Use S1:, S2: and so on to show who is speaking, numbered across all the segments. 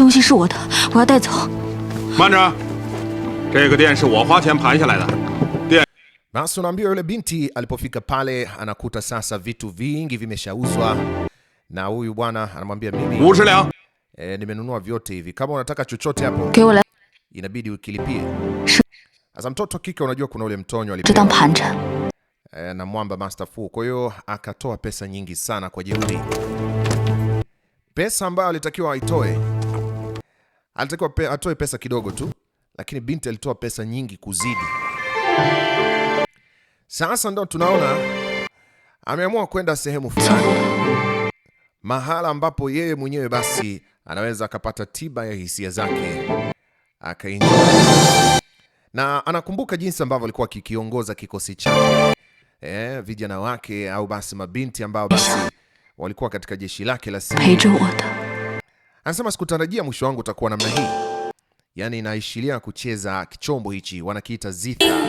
S1: 东西是我的，我要带走。
S2: 慢着，这个店是我花钱盘下来的。Basi unaambia yule binti alipofika pale anakuta sasa vitu vingi vimeshauzwa, na huyu bwana anamwambia mimi e, nimenunua vyote
S1: hivi, kama unataka chochote hapo inabidi ukilipie. Sasa mtoto kike, unajua kuna ule mtonyo alipewa e, na mwamba Master Fu, kwa hiyo akatoa pesa nyingi sana kwa jeuri, pesa ambayo alitakiwa aitoe alitakiwa pe, atoe pesa kidogo tu, lakini binti alitoa pesa nyingi kuzidi. Sasa ndo tunaona ameamua kwenda sehemu fulani, mahala ambapo yeye mwenyewe basi anaweza akapata tiba ya hisia zake akaingia, na anakumbuka jinsi ambavyo alikuwa akikiongoza kikosi chake eh, vijana wake au basi mabinti ambao basi walikuwa katika jeshi lake la Anasema sikutarajia mwisho wangu utakuwa namna hii. Yani
S2: inaishiria kucheza kichombo hichi wanakiita zitha,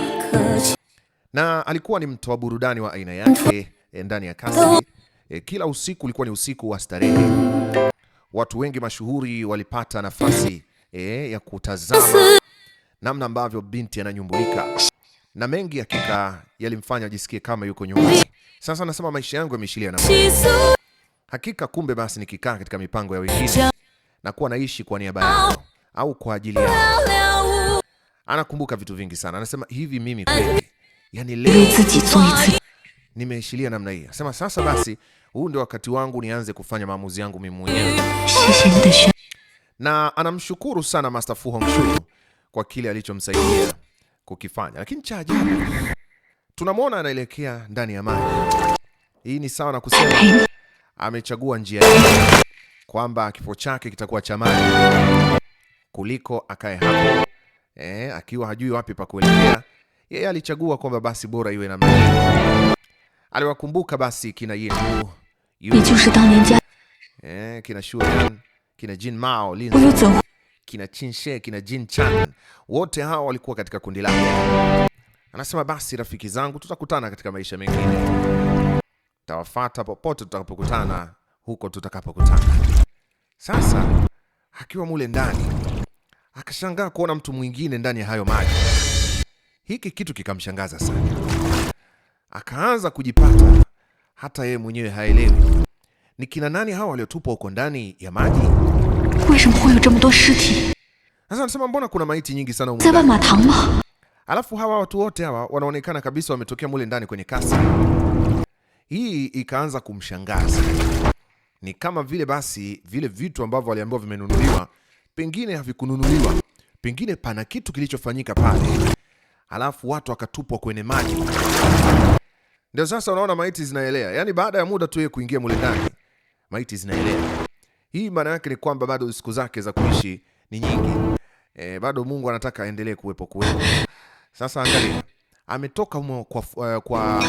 S2: na alikuwa ni mtoa burudani wa aina yake e, ndani ya kasri. E, kila usiku ulikuwa ni usiku wa starehe. Watu wengi mashuhuri walipata nafasi e, ya kutazama namna ambavyo binti ananyumbulika, na mengi hakika yalimfanya ajisikie kama yuko nyumbani. Sasa anasema maisha yangu yameishiria na hakika, kumbe basi nikikaa katika mipango ya wengine na kuwa naishi kwa niaba yao au kwa ajili yao. Anakumbuka vitu vingi sana, anasema hivi, mimi kweli, yani leo nimeishilia namna hii. Anasema sasa basi, huu ndio wakati wangu nianze kufanya maamuzi yangu mimi mwenyewe, na anamshukuru sana Master Fu Hongxue kwa kile alichomsaidia kukifanya. Lakini cha ajabu tunamwona anaelekea ndani ya maji. Hii ni sawa na
S1: kusema
S2: amechagua njia yake kwamba kifo chake kitakuwa cha maana kuliko akae hapo eh, akiwa hajui wapi pa kuelekea. Yeye alichagua kwamba basi bora iwe namna hiyo. Aliwakumbuka basi kina Yehu, eh, kina Shuan, kina Jin Mao, Lin, kina Chin She, kina Jin Chan, wote hao walikuwa katika kundi lake. Anasema basi, rafiki zangu, tutakutana katika maisha mengine, tawafata popote tutakapokutana, huko tutakapokutana. Sasa akiwa mule ndani akashangaa kuona mtu mwingine ndani ya hayo maji. Hiki kitu kikamshangaza sana, akaanza kujipata hata yeye mwenyewe haelewi ni kina nani hawa waliotupwa huko ndani ya maji. Sasa anasema mbona kuna maiti nyingi sana alafu hawa watu wote hawa wanaonekana kabisa wametokea mule ndani kwenye kasa Hii ikaanza kumshangaza. Ni kama vile basi vile vitu ambavyo waliambiwa vimenunuliwa pengine havikununuliwa, pengine pana kitu kilichofanyika pale, alafu watu wakatupwa kwenye maji. Ndio sasa unaona maiti zinaelea, yaani baada ya muda tu yeye kuingia mule ndani maiti zinaelea. Hii maana yake ni kwamba bado siku zake za kuishi ni nyingi. E, bado Mungu anataka aendelee kuwepo kuwepo. Sasa angalia, ametoka humo kwa, eh, kwa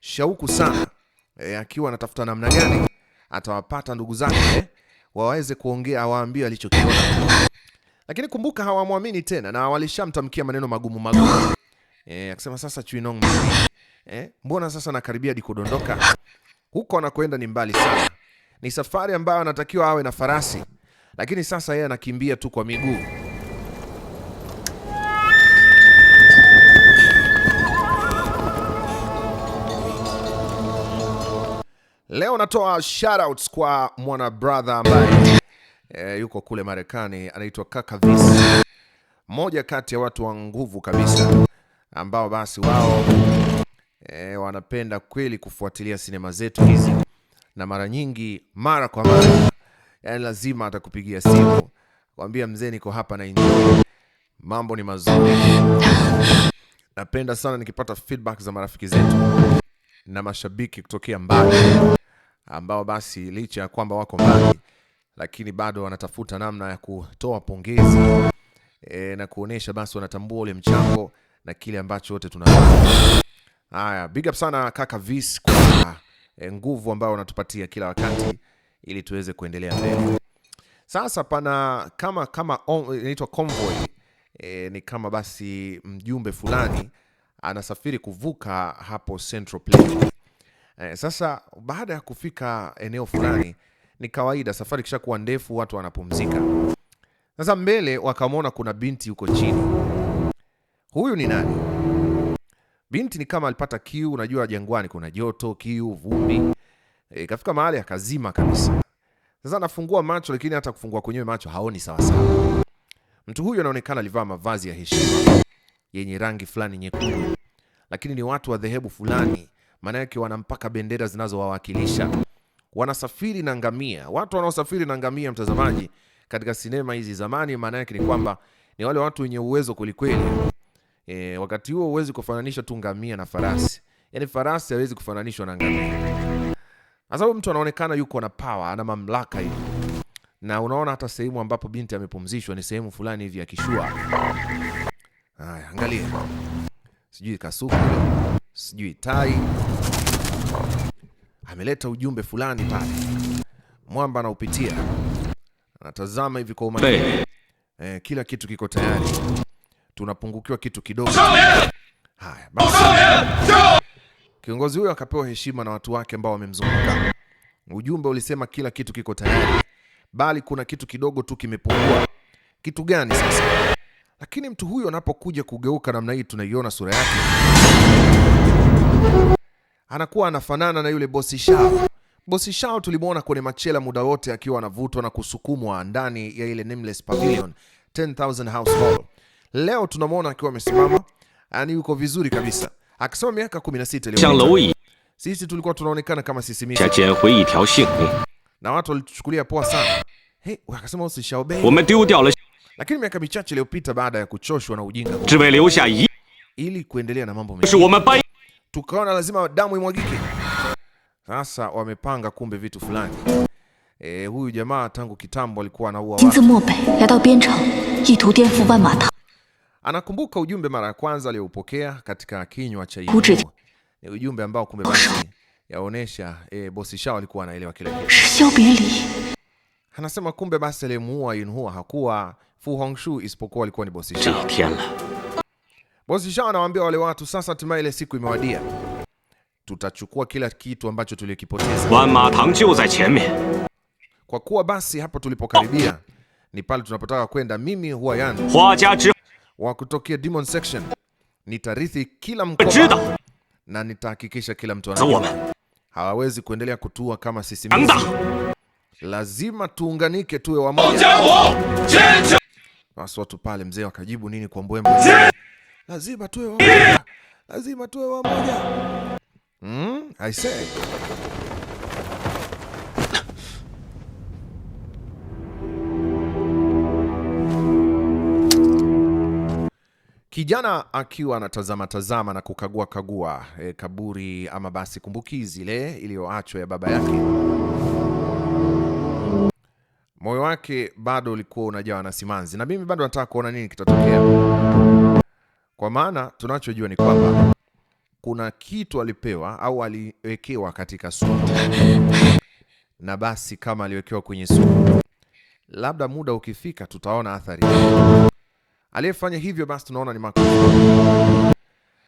S2: shauku sana e, akiwa anatafuta namna gani atawapata ndugu zake eh, waweze kuongea, awaambie alichokiona. Lakini kumbuka, hawamwamini tena na walishamtamkia maneno magumu magumu. Eh, akisema sasa Chuinong, eh, mbona sasa nakaribia dikudondoka Huko anakwenda ni mbali sana, ni safari ambayo anatakiwa awe na farasi, lakini sasa yeye anakimbia tu kwa miguu. Leo natoa shoutouts kwa mwana brother ambaye e, yuko kule Marekani anaitwa Kaka Vis, mmoja kati ya watu wa nguvu kabisa ambao basi wao e, wanapenda kweli kufuatilia sinema zetu hizi, na mara nyingi, mara kwa mara, yani lazima atakupigia simu kwambia, mzee, niko hapa na injili, mambo ni mazuri. Napenda sana nikipata feedback za marafiki zetu na mashabiki kutokea mbali ambao basi licha ya kwamba wako mbali, lakini bado wanatafuta namna ya kutoa pongezi e, na kuonesha basi wanatambua ule mchango na kile ambacho wote tunafanya. Haya, big up sana kaka Vis kwa e, nguvu ambayo wanatupatia kila wakati ili tuweze kuendelea mbele. Sasa pana kama kama inaitwa convoy e, ni kama basi mjumbe fulani anasafiri kuvuka hapo Central Plain Eh, sasa baada ya kufika eneo fulani ni kawaida, safari kishakuwa ndefu, watu wanapumzika. Sasa mbele wakamwona kuna binti huko chini. Huyu ni nani? Binti ni kama alipata kiu, unajua jangwani kuna joto, kiu, vumbi. E, eh, kafika mahali akazima kabisa. Sasa anafungua macho lakini hata kufungua kwenyewe macho haoni sawa sawa. Mtu huyu anaonekana alivaa mavazi ya heshima yenye rangi fulani nyekundu. Lakini ni watu wa dhehebu fulani maana yake wana mpaka bendera zinazowawakilisha. Wanasafiri na ngamia. Watu wanaosafiri na ngamia, mtazamaji, katika sinema hizi zamani, maana yake ni kwamba ni wale watu wenye uwezo kulikweli. E, wakati huo huwezi kufananisha tu ngamia na farasi, yani farasi hawezi kufananishwa na ngamia, sababu mtu anaonekana yuko na power, ana mamlaka hivi. Na unaona hata sehemu ambapo binti amepumzishwa ni sehemu fulani hivi ya kishua. Haya, angalia, sijui kasuku sijui tai, ameleta ujumbe fulani pale. Mwamba anaupitia, anatazama hivi kwa umakini eh, kila kitu kiko tayari, tunapungukiwa kitu kidogo. Haya basi, kiongozi huyo akapewa heshima na watu wake ambao wamemzunguka. Ujumbe ulisema kila kitu kiko tayari, bali kuna kitu kidogo tu kimepungua. Kitu gani sasa? Lakini mtu huyo anapokuja kugeuka namna hii, tunaiona sura yake anakuwa anafanana na yule bosi Shao. Bosi Shao tulimwona kwenye machela muda wote akiwa anavutwa na kusukumwa ndani ya ile Nameless Pavilion 10000 House Hall. Leo tunamwona akiwa amesimama, yani ah, yuko vizuri kabisa, akisoma miaka 16 iliyopita. Sisi tulikuwa tunaonekana kama sisi mimi na watu walichukulia poa sana. Hey, wakasema bosi Shao bei. Lakini miaka michache iliyopita baada ya kuchoshwa na
S3: ujinga
S2: ili kuendelea na mambo
S3: mengi
S2: tukaona lazima damu imwagike. Sasa wamepanga kumbe vitu fulani. E, huyu jamaa tangu kitambo alikuwa anaua
S1: watu.
S2: Anakumbuka ujumbe mara ya kwanza aliyoupokea katika kinywa cha yeye. Ni ujumbe ambao kumbe basi yaonesha e, bosi Shao alikuwa anaelewa kile Anasema kumbe basi aliyemuua Yunhua hakuwa Fu Hongxue isipokuwa alikuwa ni bosi Shao. Bosi Jean anawaambia wale watu sasa, hatimaye ile siku imewadia, tutachukua kila kitu ambacho tulikipoteza. Kwa kuwa basi hapo tulipokaribia ni pale tunapotaka kwenda, mimi huwa yani wa kutokea Demon Section, nitarithi kila mkoa na nitahakikisha kila mtu anajua hawawezi kuendelea kutua kama sisi. Lazima tuunganike tuwe wamoja. Basi watu pale mzee wakajibu nini kwa mbwembwe lazima tuwe wamoja, lazima tuwe wamoja. Mm, I say kijana akiwa anatazama tazama na kukagua kagua e, kaburi ama basi kumbukizi ile iliyoachwa ya baba yake, moyo wake bado ulikuwa unajawa na simanzi, na mimi bado nataka kuona nini kitatokea. Kwa maana tunachojua ni kwamba kuna kitu alipewa au aliwekewa katika sumu, na basi kama aliwekewa kwenye sumu, labda muda ukifika tutaona athari aliyefanya hivyo, basi tunaona ni makosa.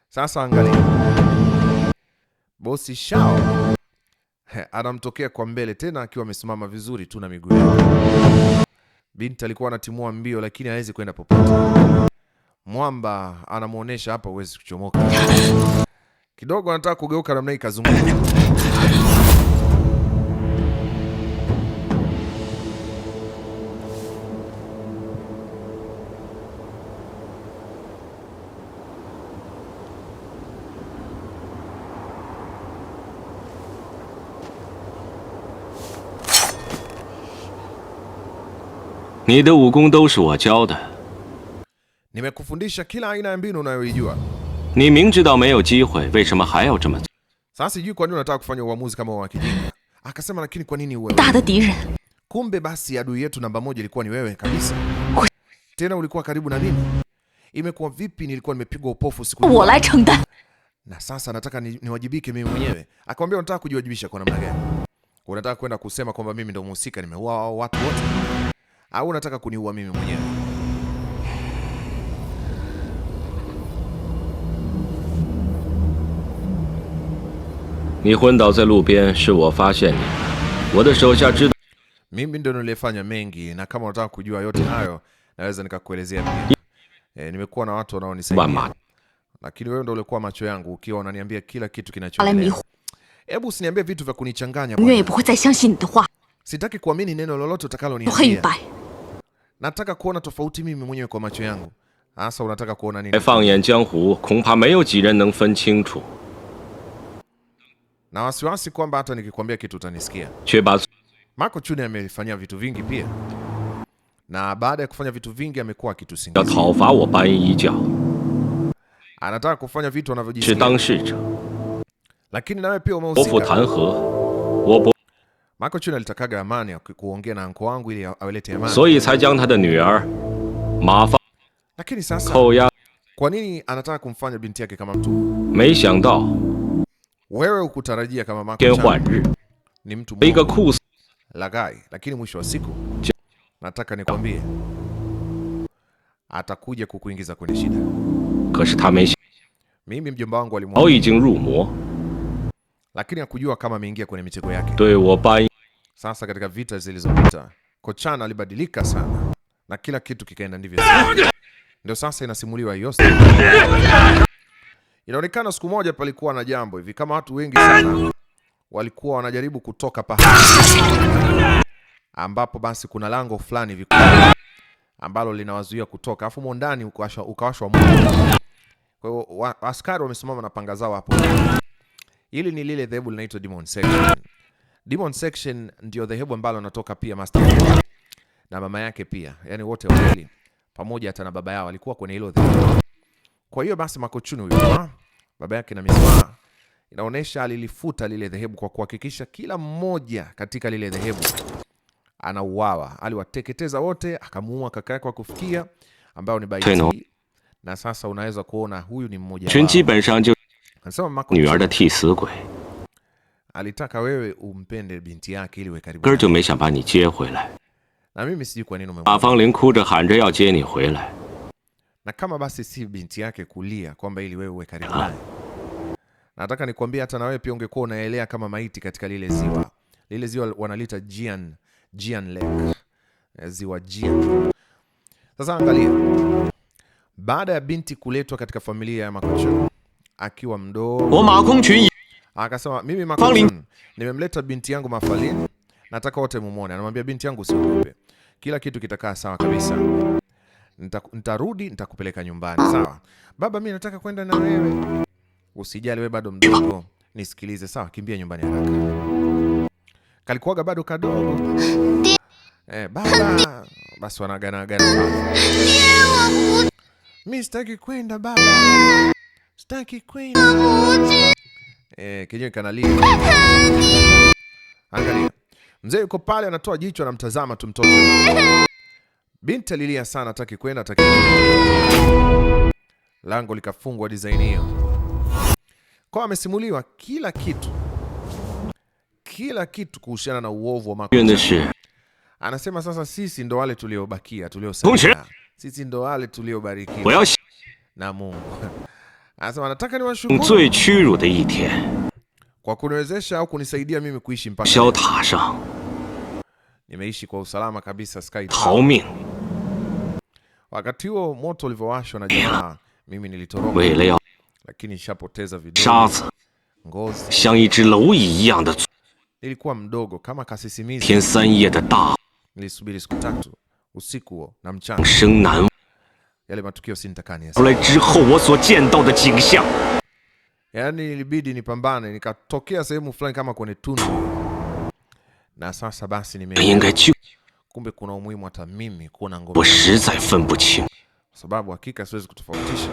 S2: Sasa angalia, bosi Shao anamtokea kwa mbele tena akiwa amesimama vizuri tu na miguu yake. Binti alikuwa anatimua mbio, lakini hawezi kwenda popote mwamba anamuonesha hapa, uwezi kuchomoka. Kidogo anataka kugeuka namna hii, kazunguka ni de wukong dou shi wo jiao de nimekufundisha kila aina ya mbinu unayoijua. ni mingjidao meyo jihui weisema hayao zema. Sasa sijui kwa nini unataka kufanya uamuzi kama wa kijinga. Akasema lakini kwa nini wewe? diren. Kumbe basi adui yetu namba moja ilikuwa ni wewe kabisa. Tena ulikuwa karibu na mimi. Imekuwa vipi nilikuwa nimepigwa upofu siku hiyo? Wala Na sasa nataka niwajibike mimi mwenyewe. Akamwambia unataka kujiwajibisha kwa namna gani? Unataka kwenda kusema kwamba mimi ndio mhusika nimeua watu wote? Au unataka kuniua mimi mwenyewe? 你昏倒在路边，是我发现你。我的手下知道 mimi ndo nilifanya mengi, na kama unataka kujua yote hayo naweza nikakuelezea pia. E, nimekuwa na watu wanaonisaidia, lakini wewe ndo ulikuwa macho yangu, ukiwa unaniambia kila kitu kinachoendelea. Hebu usiniambie vitu vya kunichanganya bwana. Sitaki kuamini neno lolote utakaloniambia. Nataka kuona tofauti mimi mwenyewe kwa macho yangu. Hasa unataka kuona nini? na wasiwasi kwamba hata nikikwambia kitu utanisikia. Marco Chune amefanya vitu vingi pia, na baada ya kufanya vitu vingi amekuwa akitusingizia, anataka kufanya vitu anavyojisikia, lakini nawe pia umehusika. Marco Chune alitakaga amani, kuongea na anko wangu ili awelete amani, er, lakini sasa kwa nini anataka kumfanya binti yake kama mtu? Wewe ukutarajia kama Marco Chan ni mtu mmoja lagai, lakini mwisho wa siku nataka nikwambie atakuja kukuingiza kwenye shida. Mimi mjomba wangu alimwona, lakini hakujua kama ameingia kwenye mitego yake. Sasa katika vita zilizopita, Kochan alibadilika sana na kila kitu kikaenda ndivyo. Ndio sasa inasimuliwa yote. Inaonekana siku moja palikuwa na jambo hivi, kama watu wengi sana walikuwa wanajaribu kutoka pahali ambapo basi kuna lango fulani hivi ambalo linawazuia kutoka, afu mondani ndani ukawashwa moto. Kwa hiyo askari wamesimama na panga zao hapo. Hili ni lile dhehebu linaitwa Demon Section. Demon Section ndio dhehebu ambalo anatoka pia Master na mama yake pia, yani wote wawili pamoja hata na baba yao walikuwa kwenye hilo dhehebu. Kwa hiyo basi Makochuni huyu baba yake na misma inaonesha alilifuta lile dhehebu kwa kuhakikisha kila mmoja katika lile dhehebu anauawa. Aliwateketeza wote, akamuua kaka yake wa kufikia ambayo ni Baiti, na sasa unaweza kuona huyu ni mmoja wao. Anasema Makochuni alitaka wewe umpende binti yake ili uwe karibu naye, na mimi sijui kwa nini umemwona. Fang Ling kuja hanja yao jie ni huilai na kama basi si binti yake kulia kwamba ili wewe uwe karibu ah. naye. Nataka nikwambie hata na wewe pia ungekuwa unaelea kama maiti katika lile ziwa. Lile ziwa wanalita Jian, Jian Lake. Eh, ziwa Jian. Sasa angalia. Baada ya binti kuletwa katika familia ya Ma Kongqun akiwa mdogo, oh, Ma Kongqun akasema mimi Ma Kongqun nimemleta binti yangu Ma Fangling, nataka wote mumuone. Anamwambia binti yangu usiogope. Kila kitu kitakaa sawa kabisa nitarudi nitakupeleka nyumbani sawa. Baba, mi nataka kwenda na wewe. Usijali, we bado mdogo, nisikilize sawa. Kimbia nyumbani haraka. Kalikuaga bado kadogo eh, baba. Basi gana. Mi sitaki kwenda baba, sitaki kwenda eh, kinywa kanalia. Angalia mzee yuko pale, anatoa jicho, anamtazama tu mtoto Binti alilia sana, ataki kwenda, ataki. Lango likafungwa design hiyo. Kwa amesimuliwa kila kitu, kila kitu kuhusiana na uovu wa makosa. Anasema sasa sisi ndo wale tuliobakia, tuliosalia. Sisi ndo wale tuliobarikiwa na Mungu. Anasema nataka niwashukuru kwa kuniwezesha au kunisaidia mimi kuishi mpaka nimeishi kwa usalama kabisa Sky Tower. Wakati huo moto ulivyowashwa na jamaa, mimi nilitoroka, lakini nishapoteza vidole, ngozi. ilikuwa mdogo kama kasisimizi. Nilisubiri siku tatu usiku huo na mchana. Yale matukio si sintakani. Yani ilibidi nipambane, nikatokea sehemu fulani kama kwenye tundu. Na sasa basi nimeingia kumbe kuna umuhimu hata mimi kuwa na ngome, kwa sababu hakika siwezi kutofautisha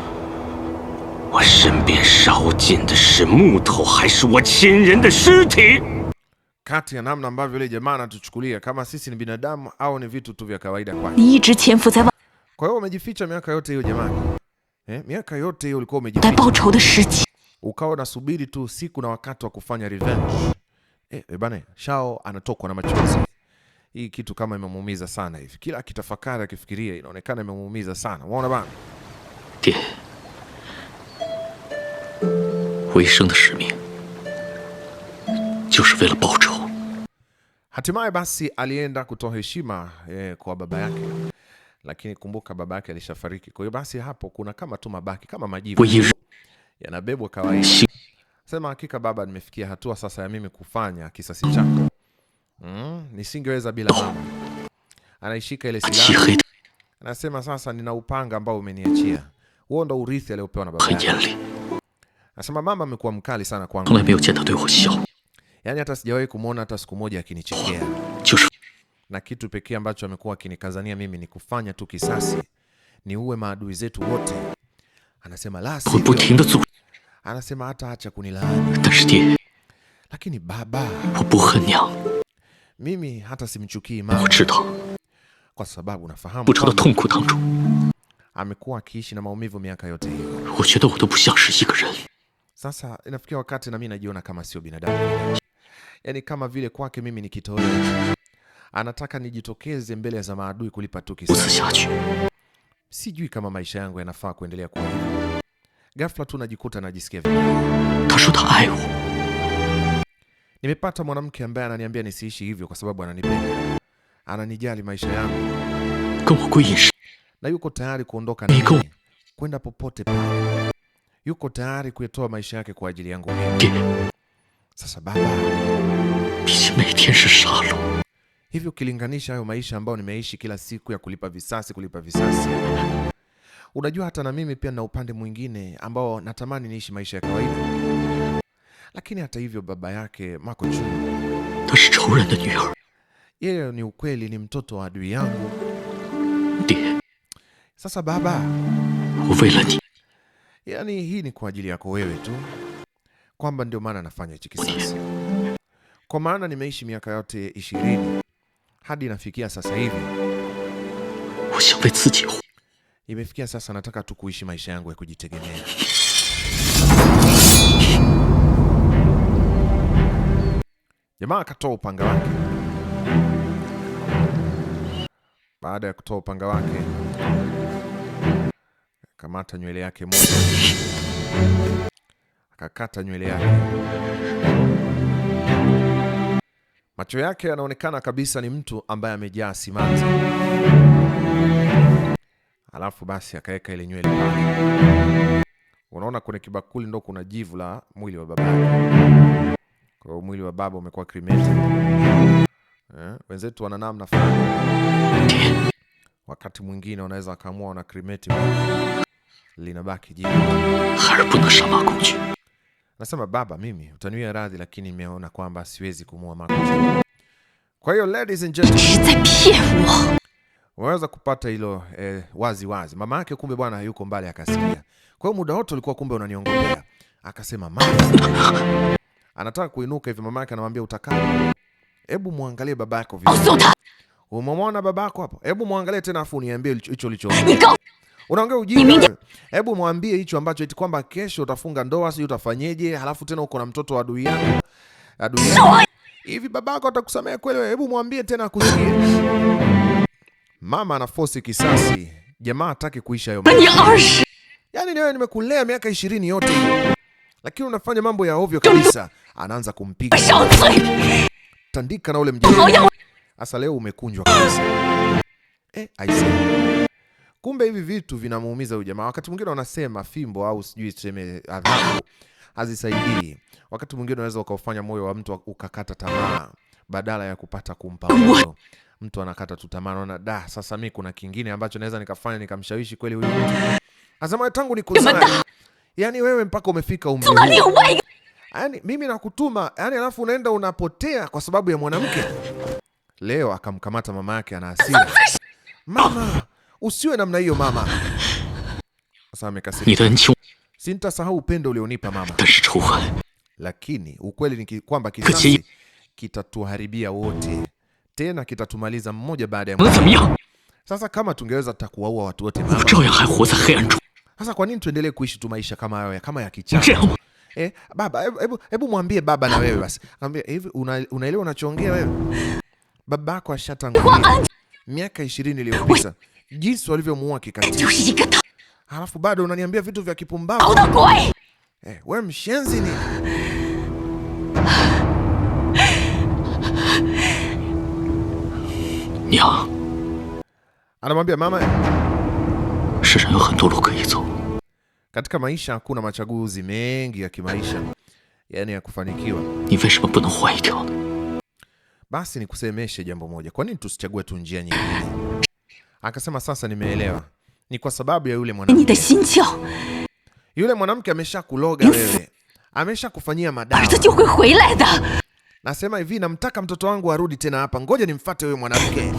S2: kati ya namna ambavyo yule jamaa anatuchukulia kama sisi ni binadamu au ni vitu tu vya kawaida kwake. Kwa hiyo umejificha miaka yote hiyo jamani, eh, miaka yote hiyo ulikuwa umejificha, ukawa unasubiri tu siku na wakati wa kufanya revenge. Eh, eh bana, Shao anatokwa na machozi hii kitu kama imemuumiza sana hivi, kila akitafakari akifikiria, inaonekana imemuumiza sana. Unaona bana Hatimaye basi alienda kutoa heshima eh, kwa baba yake, lakini kumbuka baba yake alishafariki. Kwa hiyo basi hapo kuna kama tu mabaki kama majivu yanabebwa kawaida. Sema hakika baba, nimefikia hatua sasa ya mimi kufanya kisasi chako Mm, ni singeweza bila mama. Anaishika ile silaha. Anasema sasa nina upanga ambao umeniachia. Huo ndo urithi aliopewa na baba yake. Anasema mama amekuwa mkali sana kwangu. Yaani hata sijawahi kumuona hata siku moja akinichekea. Na kitu pekee ambacho amekuwa akinikazania mimi ni kufanya tu kisasi. Ni uwe maadui zetu wote. Anasema la sivyo. Anasema hata acha kunilaani. Lakini baba mimi hata simchukii mama kwa sababu nafahamu amekuwa akiishi na maumivu miaka yote hiyo. Sasa inafikia wakati na mimi najiona kama sio binadamu, yaani kama vile kwake mimi ni kitoweo. Anataka nijitokeze mbele za maadui kulipa tu kisasi. Sijui kama maisha yangu yanafaa kuendelea kuwa hivi. Ghafla tu najikuta najisikia vibaya. Nimepata mwanamke ambaye ananiambia nisiishi hivyo kwa sababu ananipenda, ananijali maisha yangu na yuko tayari kuondoka na kwenda popote pale, yuko tayari kuyatoa maisha yake kwa ajili yangu. Sasa baba, hivyo ukilinganisha hayo maisha ambayo nimeishi kila siku ya kulipa visasi, kulipa visasi, unajua hata na mimi pia na upande mwingine ambao natamani niishi maisha ya kawaida lakini hata hivyo, baba yake Ma Kongqun yeye ni ukweli, ni mtoto wa adui yangu. Sasa baba, yani hii ni kwa ajili yako wewe tu, kwamba ndio maana anafanya hichi kisasi, kwa maana nimeishi miaka yote ishirini hadi inafikia sasa hivi imefikia sasa, nataka tu kuishi maisha yangu ya kujitegemea. Jamaa akatoa upanga wake. Baada ya kutoa upanga wake, akamata nywele yake moja, akakata nywele yake. Macho yake yanaonekana kabisa ni mtu ambaye amejaa simanzi, alafu basi akaweka ile nywele pale. Unaona kuna kibakuli ndo kuna jivu la mwili wa baba kwa hiyo mwili wa baba umekuwa cremated. Eh, wenzetu wana namna fulani, wakati mwingine wanaweza wakaamua wana cremate linabaki jivu. Nasema baba, mimi utaniwia radhi, lakini nimeona kwamba siwezi kumua Makochi. Kwa hiyo ladies and gentlemen, waweza kupata hilo eh, wazi wazi. Mama yake kumbe bwana yuko mbali akasikia. Kwa hiyo muda wote ulikuwa kumbe unaniongelea. Akasema mama anataka kuinuka hivi, mama yake anamwambia utakaa, hebu muangalie baba yako vizuri. Oh, Umemwona baba yako hapo? Hebu muangalie tena, afu niambie hicho ulicho unaongea ujinga. Hebu mwambie hicho ambacho eti kwamba kesho utafunga ndoa, sio utafanyeje? Halafu tena uko na mtoto wa adui yako, adui yangu hivi, babako atakusamea kweli? Hebu mwambie tena akusikie. Mama anafosi kisasi, jamaa hataki kuisha hiyo. Yaani, wewe nimekulea miaka ishirini yote lakini unafanya mambo ya ovyo kabisa. Anaanza kumpiga tandika na ule mjini. Oh, Asa, leo umekunjwa kabisa. Eh, aise. Kumbe hivi vitu vinamuumiza huyu jamaa. Wakati mwingine wanasema fimbo au sijui tuseme adhabu hazisaidii. Wakati mwingine unaweza ukaufanya moyo wa mtu ukakata tamaa badala ya kupata kumpa moyo. Mtu anakata tu tamaa, anaona da, sasa mimi kuna kingine ambacho naweza nikafanya nikamshawishi kweli huyu. mtu. Azama tangu nikuzae yani wewe mpaka umefika umri huu. Yani mimi nakutuma, yani alafu unaenda unapotea kwa sababu ya mwanamke. Leo akamkamata mama yake, ana hasira. Mama, usiwe namna hiyo mama. Sasa amekasirika. Sintasahau upendo ulionipa mama. Lakini ukweli ni kwamba kisasi kitatuharibia wote, tena kitatumaliza mmoja baada ya mwingine. Sasa kama tungeweza, tutakuwaua watu wote mama. Sasa kwa nini tuendelee kuishi tu maisha kama hayo kama ya kichaa? Eh, baba, hebu hebu mwambie baba na wewe basi. Mwambie hivi unaelewa unachoongea wewe? Baba yako ashatangulia miaka 20 iliyopita. Jinsi walivyomuua kikatili. Halafu bado unaniambia vitu vya kipumbavu. Eh, wewe mshenzi ni. Anamwambia mama, katika maisha kuna machaguzi mengi ya kimaisha, yani ya kufanikiwa. Basi nikusemeshe jambo moja, kwa nini tusichague tu njia nyingine? Akasema sasa nimeelewa, ni kwa sababu ya yule mwanamke. Yule mwanamke amesha kuloga wewe, amesha kufanyia madawa. Nasema hivi, namtaka mtoto wangu arudi tena hapa, ngoja nimfate huyo mwanamke.